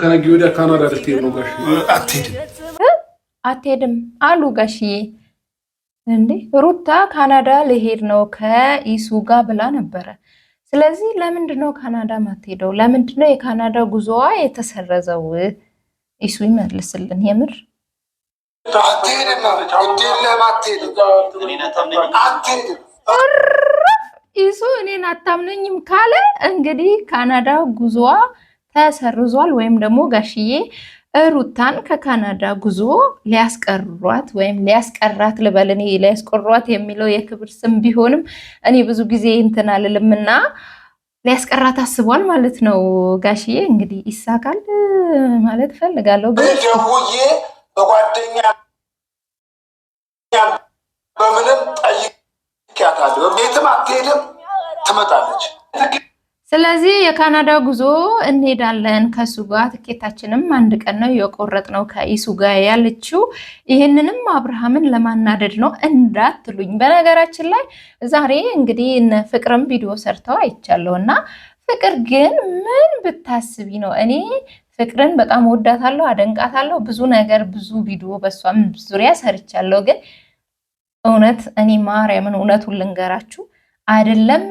ከነገ ወዲያ ካናዳ ልትሄድ ነው ጋሽ? አትሄድም አትሄድም አሉ ጋሽዬ። እንዴ ሩታ ካናዳ ልሄድ ነው ከኢሱ ጋር ብላ ነበረ። ስለዚህ ለምንድን ነው ካናዳ ማትሄደው? ለምንድን ነው የካናዳ ጉዞዋ የተሰረዘው? ኢሱ ይመልስልን። የምር ኢሱ እኔን አታምነኝም ካለ እንግዲህ ካናዳ ጉዞዋ ተሰርዟል ወይም ደግሞ ጋሽዬ ሩታን ከካናዳ ጉዞ ሊያስቀሯት ወይም ሊያስቀራት ልበል። እኔ ሊያስቀሯት የሚለው የክብር ስም ቢሆንም እኔ ብዙ ጊዜ እንትን አልልምና ሊያስቀራት አስቧል ማለት ነው። ጋሽዬ እንግዲህ ይሳካል ማለት ፈልጋለሁ። በየሁዬ በጓደኛ በምንም ጠይቂያታለሁ። ቤትም አትሄድም፣ ትመጣለች ስለዚህ የካናዳ ጉዞ እንሄዳለን ከሱ ጋር። ትኬታችንም አንድ ቀን ነው ነው ከኢሱ ጋር ያለችው። ይህንንም አብርሃምን ለማናደድ ነው እንዳትሉኝ። በነገራችን ላይ ዛሬ እንግዲህ እነ ፍቅርም ቪዲዮ ሰርተው አይቻለሁ እና ፍቅር ግን ምን ብታስቢ ነው እኔ ፍቅርን በጣም ወዳታለሁ፣ አደንቃታለሁ። ብዙ ነገር ብዙ ቪዲዮ በሷም ዙሪያ ሰርቻለሁ። ግን እውነት እኔ ማርያምን እውነቱን ልንገራችሁ አይደለም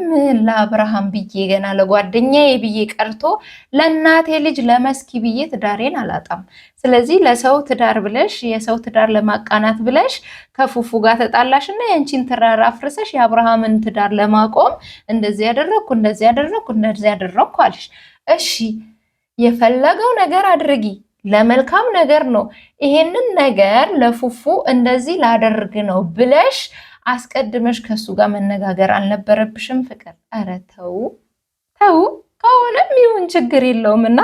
ለአብርሃም ብዬ ገና ለጓደኛዬ ብዬ ቀርቶ ለእናቴ ልጅ ለመስኪ ብዬ ትዳሬን አላጣም። ስለዚህ ለሰው ትዳር ብለሽ የሰው ትዳር ለማቃናት ብለሽ ከፉፉ ጋር ተጣላሽ እና የአንቺን ትዳር አፍርሰሽ የአብርሃምን ትዳር ለማቆም እንደዚህ ያደረግኩ እንደዚህ ያደረግኩ እንደዚህ ያደረግኩ አልሽ። እሺ የፈለገው ነገር አድርጊ፣ ለመልካም ነገር ነው። ይሄንን ነገር ለፉፉ እንደዚህ ላደርግ ነው ብለሽ አስቀድመሽ ከሱ ጋር መነጋገር አልነበረብሽም? ፍቅር ኧረ ተው ተው። ከሆነም ይሁን ችግር የለውም እና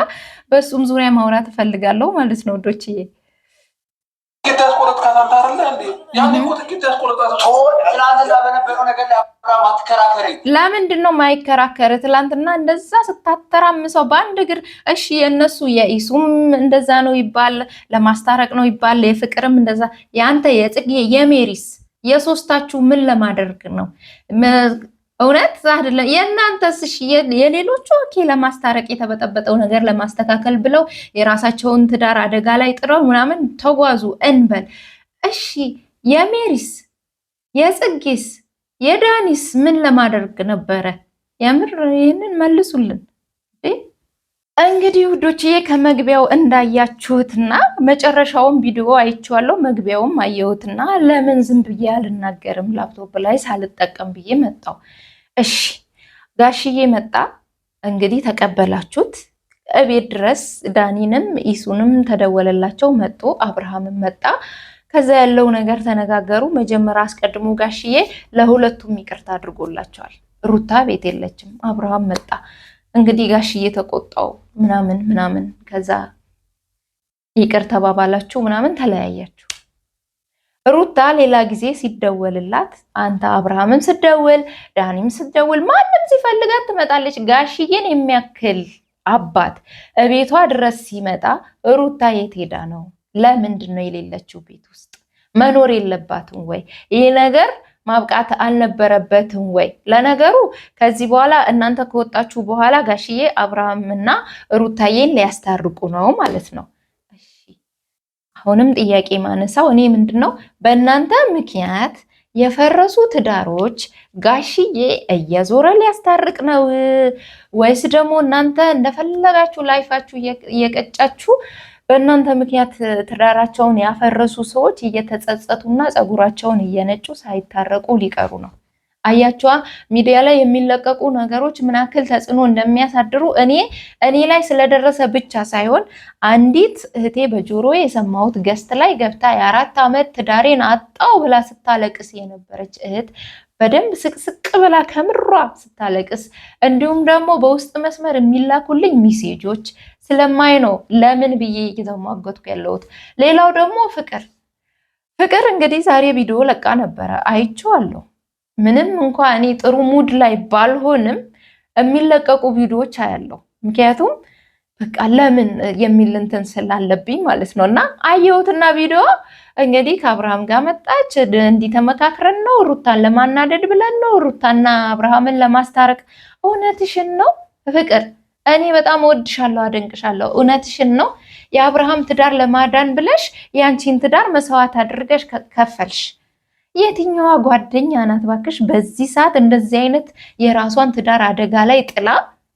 በእሱም ዙሪያ ማውራት እፈልጋለሁ ማለት ነው ዶችዬ ለምንድን ነው ማይከራከር? ትላንትና እንደዛ ስታተራምሰው በአንድ እግር እሺ፣ የእነሱ የኢሱም እንደዛ ነው ይባል፣ ለማስታረቅ ነው ይባል፣ የፍቅርም እንደዛ የአንተ የጽጌ የሜሪስ የሶስታችሁ ምን ለማድረግ ነው? እውነት አይደለም የእናንተስ? የሌሎቹ ኦኬ፣ ለማስታረቅ የተበጠበጠው ነገር ለማስተካከል ብለው የራሳቸውን ትዳር አደጋ ላይ ጥረው ምናምን ተጓዙ እንበል። እሺ፣ የሜሪስ የጽጌስ የዳኒስ ምን ለማድረግ ነበረ? የምር ይህንን መልሱልን። እንግዲህ ውዶችዬ ከመግቢያው እንዳያችሁትና መጨረሻውን ቪዲዮ አይቼዋለሁ፣ መግቢያውም አየሁትና ለምን ዝም ብዬ አልናገርም ላፕቶፕ ላይ ሳልጠቀም ብዬ መጣው እሺ ጋሽዬ መጣ። እንግዲህ ተቀበላችሁት እቤት ድረስ ዳኒንም ኢሱንም ተደወለላቸው። መጡ። አብርሃምም መጣ። ከዛ ያለው ነገር ተነጋገሩ። መጀመሪያ አስቀድሞ ጋሽዬ ለሁለቱም ይቅርታ አድርጎላቸዋል። ሩታ ቤት የለችም። አብርሃም መጣ። እንግዲህ ጋሽዬ ተቆጣው ምናምን ምናምን ከዛ ይቅር ተባባላችሁ ምናምን ተለያያችሁ። ሩታ ሌላ ጊዜ ሲደወልላት አንተ አብርሃምም ስደውል ዳኒም ስደውል ማንም ሲፈልጋት ትመጣለች። ጋሽዬን የሚያክል አባት እቤቷ ድረስ ሲመጣ ሩታ የት ሄዳ ነው? ለምንድን ነው የሌለችው? ቤት ውስጥ መኖር የለባትም ወይ? ይህ ነገር ማብቃት አልነበረበትም ወይ? ለነገሩ ከዚህ በኋላ እናንተ ከወጣችሁ በኋላ ጋሽዬ አብርሃም እና ሩታዬን ሊያስታርቁ ነው ማለት ነው። አሁንም ጥያቄ ማነሳው እኔ ምንድን ነው በእናንተ ምክንያት የፈረሱ ትዳሮች ጋሽዬ እየዞረ ሊያስታርቅ ነው ወይስ ደግሞ እናንተ እንደፈለጋችሁ ላይፋችሁ እየቀጫችሁ በእናንተ ምክንያት ትዳራቸውን ያፈረሱ ሰዎች እየተጸጸቱና ጸጉራቸውን እየነጩ ሳይታረቁ ሊቀሩ ነው። አያቸዋ ሚዲያ ላይ የሚለቀቁ ነገሮች ምን ያክል ተጽዕኖ እንደሚያሳድሩ እኔ እኔ ላይ ስለደረሰ ብቻ ሳይሆን አንዲት እህቴ በጆሮ የሰማሁት ገስት ላይ ገብታ የአራት ዓመት ትዳሬን አጣው ብላ ስታለቅስ የነበረች እህት በደንብ ስቅስቅ ብላ ከምሯ ስታለቅስ፣ እንዲሁም ደግሞ በውስጥ መስመር የሚላኩልኝ ሚሴጆች ስለማይ ነው ለምን ብዬ እየተሟገጥኩ ያለሁት። ሌላው ደግሞ ፍቅር ፍቅር እንግዲህ ዛሬ ቪዲዮ ለቃ ነበረ አይቼዋለሁ። ምንም እንኳ እኔ ጥሩ ሙድ ላይ ባልሆንም የሚለቀቁ ቪዲዮዎች አያለሁ። ምክንያቱም በቃ ለምን የሚል እንትን ስላለብኝ ማለት ነው። እና አየሁትና ቪዲዮ እንግዲህ ከአብርሃም ጋር መጣች። እንዲህ ተመካክረን ነው ሩታን ለማናደድ ብለን ነው ሩታና አብርሃምን ለማስታረቅ። እውነትሽን ነው ፍቅር፣ እኔ በጣም እወድሻለሁ፣ አደንቅሻለሁ። እውነትሽን ነው የአብርሃም ትዳር ለማዳን ብለሽ የአንቺን ትዳር መስዋዕት አድርገሽ ከፈልሽ የትኛዋ ጓደኛ ናት ባክሽ በዚህ ሰዓት እንደዚህ አይነት የራሷን ትዳር አደጋ ላይ ጥላ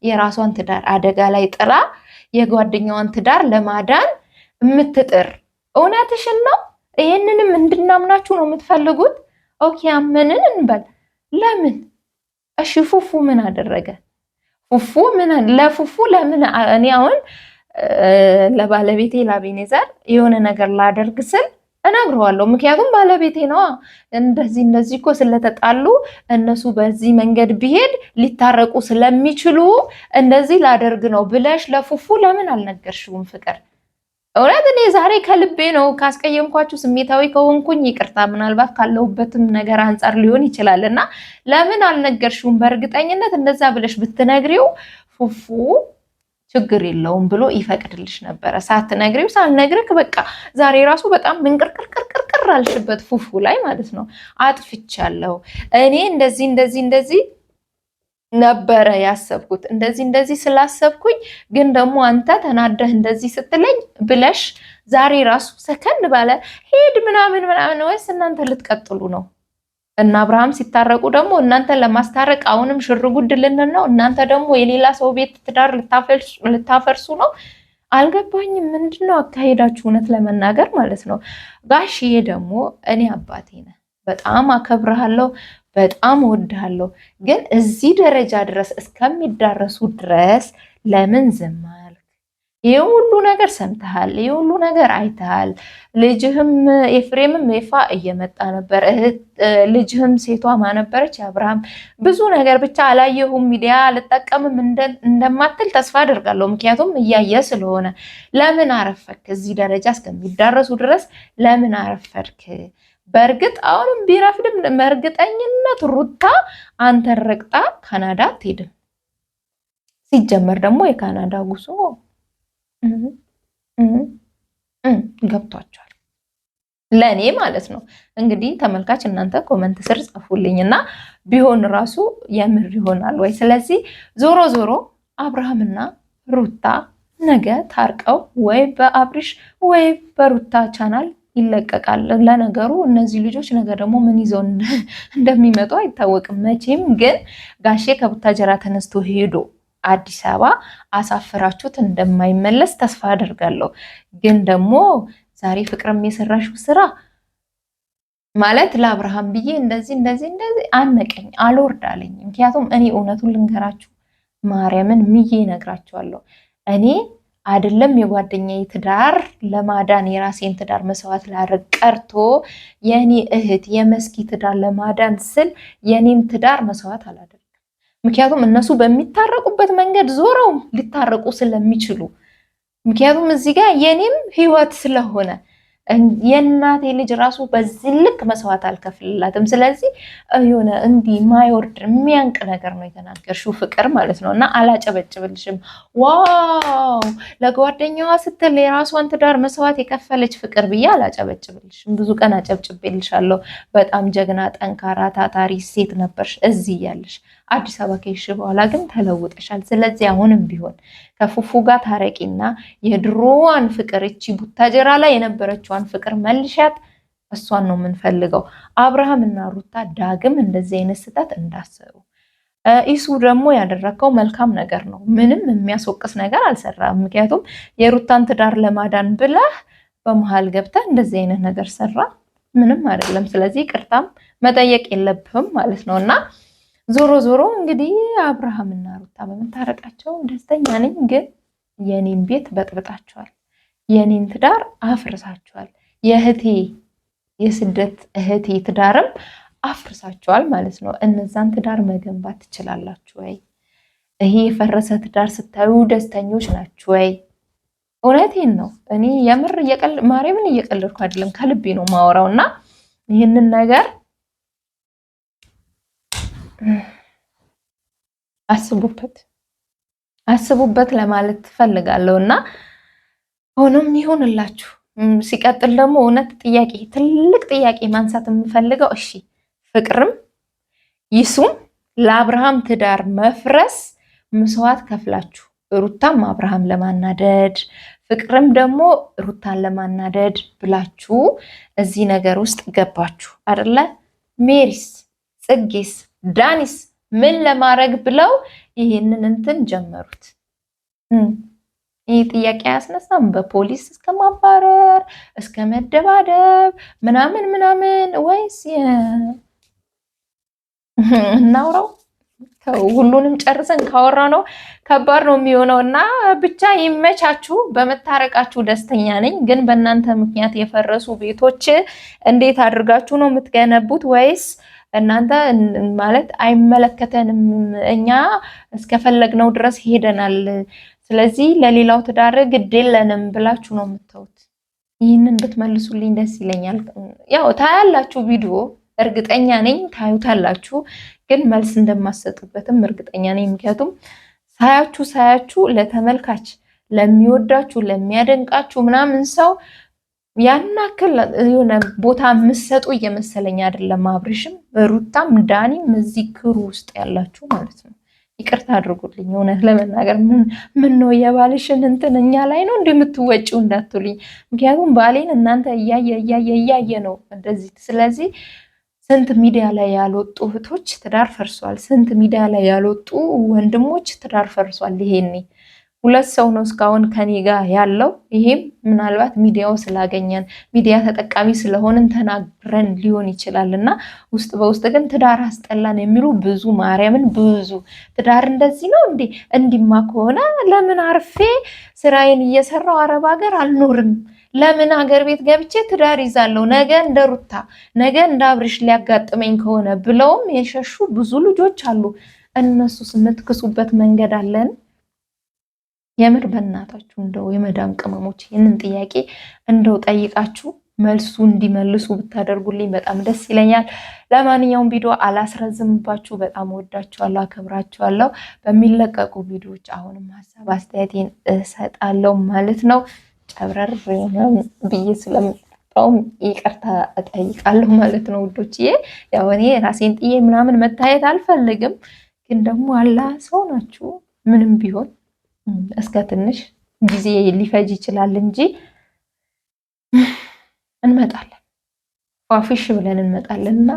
የራሷን ትዳር አደጋ ላይ ጥላ የጓደኛዋን ትዳር ለማዳን የምትጥር? እውነትሽን ነው። ይህንንም እንድናምናችሁ ነው የምትፈልጉት? ኦኬ አመንን እንበል። ለምን እሺ፣ ፉፉ ምን አደረገ? ፉፉ ምን ለፉፉ ለምን እኔ አሁን ለባለቤቴ ላቤኔዘር የሆነ ነገር ላደርግ ስል እነግረዋለሁ። ምክንያቱም ባለቤቴ ነዋ። እንደዚህ እነዚህ እኮ ስለተጣሉ እነሱ በዚህ መንገድ ቢሄድ ሊታረቁ ስለሚችሉ እንደዚህ ላደርግ ነው ብለሽ ለፉፉ ለምን አልነገርሽውም? ፍቅር እውነት እኔ ዛሬ ከልቤ ነው። ካስቀየምኳችሁ ስሜታዊ ከሆንኩኝ ይቅርታ፣ ምናልባት ካለሁበትም ነገር አንጻር ሊሆን ይችላል እና ለምን አልነገርሽውም? በእርግጠኝነት እንደዛ ብለሽ ብትነግሪው ፉፉ ችግር የለውም ብሎ ይፈቅድልሽ ነበረ። ሳትነግሪው ሳልነግርክ በቃ ዛሬ ራሱ በጣም ምንቅርቅርቅርቅር አልሽበት ፉፉ ላይ ማለት ነው። አጥፍቻለሁ እኔ እንደዚህ እንደዚህ እንደዚህ ነበረ ያሰብኩት እንደዚህ እንደዚህ ስላሰብኩኝ ግን ደግሞ አንተ ተናደህ እንደዚህ ስትለኝ ብለሽ ዛሬ ራሱ ሰከንድ ባለ ሄድ ምናምን ምናምን ወይስ እናንተ ልትቀጥሉ ነው? እና አብርሃም ሲታረቁ ደግሞ እናንተ ለማስታረቅ አሁንም ሽርጉድ ልንን ነው፣ እናንተ ደግሞ የሌላ ሰው ቤት ትዳር ልታፈርሱ ነው። አልገባኝም። ምንድን ነው አካሄዳችሁ? እውነት ለመናገር ማለት ነው። ጋሽዬ ደግሞ እኔ አባቴ ነህ፣ በጣም አከብርሃለሁ፣ በጣም እወድሃለሁ። ግን እዚህ ደረጃ ድረስ እስከሚዳረሱ ድረስ ለምን ዝማ ይህ ሁሉ ነገር ሰምተሃል፣ ይህ ሁሉ ነገር አይተሃል። ልጅህም ኤፍሬምም ኤፋ እየመጣ ነበር፣ ልጅህም ሴቷ ማነበረች አብርሃም። ብዙ ነገር ብቻ አላየሁም፣ ሚዲያ አልጠቀምም እንደማትል ተስፋ አደርጋለሁ። ምክንያቱም እያየ ስለሆነ ለምን አረፈክ እዚህ ደረጃ እስከሚዳረሱ ድረስ ለምን አረፈድክ? በእርግጥ አሁንም ቢረፍድም መርግጠኝነት ሩታ አንተን ረግጣ ካናዳ አትሄድም። ሲጀመር ደግሞ የካናዳ ጉዞ ገብቷቸዋል። ለእኔ ማለት ነው እንግዲህ ተመልካች እናንተ ኮመንት ስር ጻፉልኝ እና ቢሆን ራሱ የምር ይሆናል ወይ? ስለዚህ ዞሮ ዞሮ አብርሃምና ሩታ ነገ ታርቀው ወይ በአብሪሽ ወይ በሩታ ቻናል ይለቀቃል። ለነገሩ እነዚህ ልጆች ነገ ደግሞ ምን ይዘው እንደሚመጡ አይታወቅም። መቼም ግን ጋሼ ከቡታጀራ ተነስቶ ሄዶ አዲስ አበባ አሳፍራችሁት እንደማይመለስ ተስፋ አደርጋለሁ። ግን ደግሞ ዛሬ ፍቅርም የሰራሽው ስራ ማለት ለአብርሃም ብዬ እንደዚህ እንደዚህ እንደዚህ አነቀኝ አልወርድ አለኝ። ምክንያቱም እኔ እውነቱን ልንገራችሁ ማርያምን ምዬ ነግራችኋለሁ። እኔ አይደለም የጓደኛ ትዳር ለማዳን የራሴን ትዳር መስዋዕት ላደርግ ቀርቶ የእኔ እህት የመስኪ ትዳር ለማዳን ስል የእኔን ትዳር መስዋዕት አላደርግ ምክንያቱም እነሱ በሚታረቁበት መንገድ ዞረው ሊታረቁ ስለሚችሉ ምክንያቱም እዚህ ጋር የኔም ህይወት ስለሆነ የእናቴ ልጅ ራሱ በዚህ ልክ መስዋዕት አልከፍልላትም። ስለዚህ የሆነ እንዲህ ማይወርድ የሚያንቅ ነገር ነው የተናገርሽው ፍቅር ማለት ነው። እና አላጨበጭብልሽም። ዋው ለጓደኛዋ ስትል የራሷን ትዳር መስዋዕት የከፈለች ፍቅር ብዬ አላጨበጭብልሽም። ብዙ ቀን አጨብጭቤልሻለሁ። በጣም ጀግና፣ ጠንካራ፣ ታታሪ ሴት ነበርሽ እዚህ እያለሽ አዲስ አበባ ከሄድሽ በኋላ ግን ተለውጠሻል። ስለዚህ አሁንም ቢሆን ከፉፉ ጋር ታረቂና የድሮዋን ፍቅር እቺ ቡታጀራ ላይ የነበረችዋን ፍቅር መልሻት። እሷን ነው የምንፈልገው። አብርሃም እና ሩታ ዳግም እንደዚህ አይነት ስህተት እንዳሰሩ ኢሱ ደግሞ ያደረከው መልካም ነገር ነው። ምንም የሚያስወቅስ ነገር አልሰራም። ምክንያቱም የሩታን ትዳር ለማዳን ብለህ በመሀል ገብተህ እንደዚህ አይነት ነገር ሰራ ምንም አይደለም። ስለዚህ ቅርታም መጠየቅ የለብህም ማለት ነው እና ዞሮ ዞሮ እንግዲህ አብርሃም እና ሩታ በመታረቃቸው ደስተኛ ነኝ። ግን የኔን ቤት በጥብጣችኋል፣ የኔን ትዳር አፍርሳችኋል፣ የእህቴ የስደት እህቴ ትዳርም አፍርሳችኋል ማለት ነው። እነዛን ትዳር መገንባት ትችላላችሁ ወይ? ይሄ የፈረሰ ትዳር ስታዩ ደስተኞች ናችሁ ወይ? እውነቴን ነው። እኔ የምር ማርያምን እየቀለድኩ አይደለም፣ ከልቤ ነው ማወራው እና ይህንን ነገር አስቡበት አስቡበት ለማለት ትፈልጋለሁ እና ሆኖም ይሁንላችሁ ሲቀጥል ደግሞ እውነት ጥያቄ ትልቅ ጥያቄ ማንሳት የምፈልገው እሺ ፍቅርም ይሱም ለአብርሃም ትዳር መፍረስ መስዋዕት ከፍላችሁ ሩታም አብርሃም ለማናደድ ፍቅርም ደግሞ ሩታን ለማናደድ ብላችሁ እዚህ ነገር ውስጥ ገባችሁ አደለ? ሜሪስ ጽጌስ ዳኒስ ምን ለማድረግ ብለው ይህንን እንትን ጀመሩት። ይህ ጥያቄ አያስነሳም? በፖሊስ እስከ ማባረር እስከ መደባደብ ምናምን ምናምን ወይስ እናውራው? ሁሉንም ጨርሰን ካወራ ነው ከባድ ነው የሚሆነው። እና ብቻ ይመቻችሁ። በመታረቃችሁ ደስተኛ ነኝ። ግን በእናንተ ምክንያት የፈረሱ ቤቶች እንዴት አድርጋችሁ ነው የምትገነቡት? ወይስ እናንተ ማለት አይመለከተንም፣ እኛ እስከፈለግነው ድረስ ሄደናል፣ ስለዚህ ለሌላው ትዳር ግድ የለንም ብላችሁ ነው የምታዩት። ይህንን ብትመልሱልኝ ደስ ይለኛል። ያው ታያላችሁ ቪዲዮ እርግጠኛ ነኝ ታዩታላችሁ፣ ግን መልስ እንደማሰጡበትም እርግጠኛ ነኝ። ምክንያቱም ሳያችሁ ሳያችሁ ለተመልካች ለሚወዳችሁ ለሚያደንቃችሁ ምናምን ሰው አክል የሆነ ቦታ የምሰጡ እየመሰለኝ አይደለም። አብርሽም ሩታም ዳኒም እዚህ ክሩ ውስጥ ያላችሁ ማለት ነው። ይቅርታ አድርጉልኝ። እውነት ለመናገር ምን ነው የባልሽን እንትን እኛ ላይ ነው እንዲህ እንዳትሉኝ። ምክንያቱም ባሌን እናንተ እያየ እያየ እያየ ነው እንደዚህ። ስለዚህ ስንት ሚዲያ ላይ ያልወጡ እህቶች ትዳር ፈርሷል። ስንት ሚዲያ ላይ ያልወጡ ወንድሞች ትዳር ፈርሷል። ይሄኔ ሁለት ሰው ነው እስካሁን ከኔ ጋር ያለው። ይሄም ምናልባት ሚዲያው ስላገኘን ሚዲያ ተጠቃሚ ስለሆንን ተናግረን ሊሆን ይችላል እና ውስጥ በውስጥ ግን ትዳር አስጠላን የሚሉ ብዙ ማርያምን፣ ብዙ ትዳር እንደዚህ ነው እንዴ? እንዲማ ከሆነ ለምን አርፌ ስራዬን እየሰራው አረብ ሀገር አልኖርም? ለምን ሀገር ቤት ገብቼ ትዳር ይዛለሁ? ነገ እንደ ሩታ ነገ እንደ አብርሽ ሊያጋጥመኝ ከሆነ ብለውም የሸሹ ብዙ ልጆች አሉ። እነሱስ የምትክሱበት መንገድ አለን? የምር በእናታችሁ እንደው የመዳም ቅመሞች ይህንን ጥያቄ እንደው ጠይቃችሁ መልሱ እንዲመልሱ ብታደርጉልኝ በጣም ደስ ይለኛል። ለማንኛውም ቪዲዮ አላስረዝምባችሁ። በጣም ወዳችኋለሁ፣ አከብራችኋለሁ። በሚለቀቁ ቪዲዮዎች አሁንም ሀሳብ አስተያየቴን እሰጣለሁ ማለት ነው። ጨብረር ብዬ ስለምጠውም ይቅርታ እጠይቃለሁ ማለት ነው ውዶችዬ። ያው እኔ ራሴን ጥዬ ምናምን መታየት አልፈልግም፣ ግን ደግሞ አላ ሰው ናችሁ ምንም ቢሆን እስከ ትንሽ ጊዜ ሊፈጅ ይችላል እንጂ እንመጣለን፣ ፏፍሽ ብለን እንመጣለን እና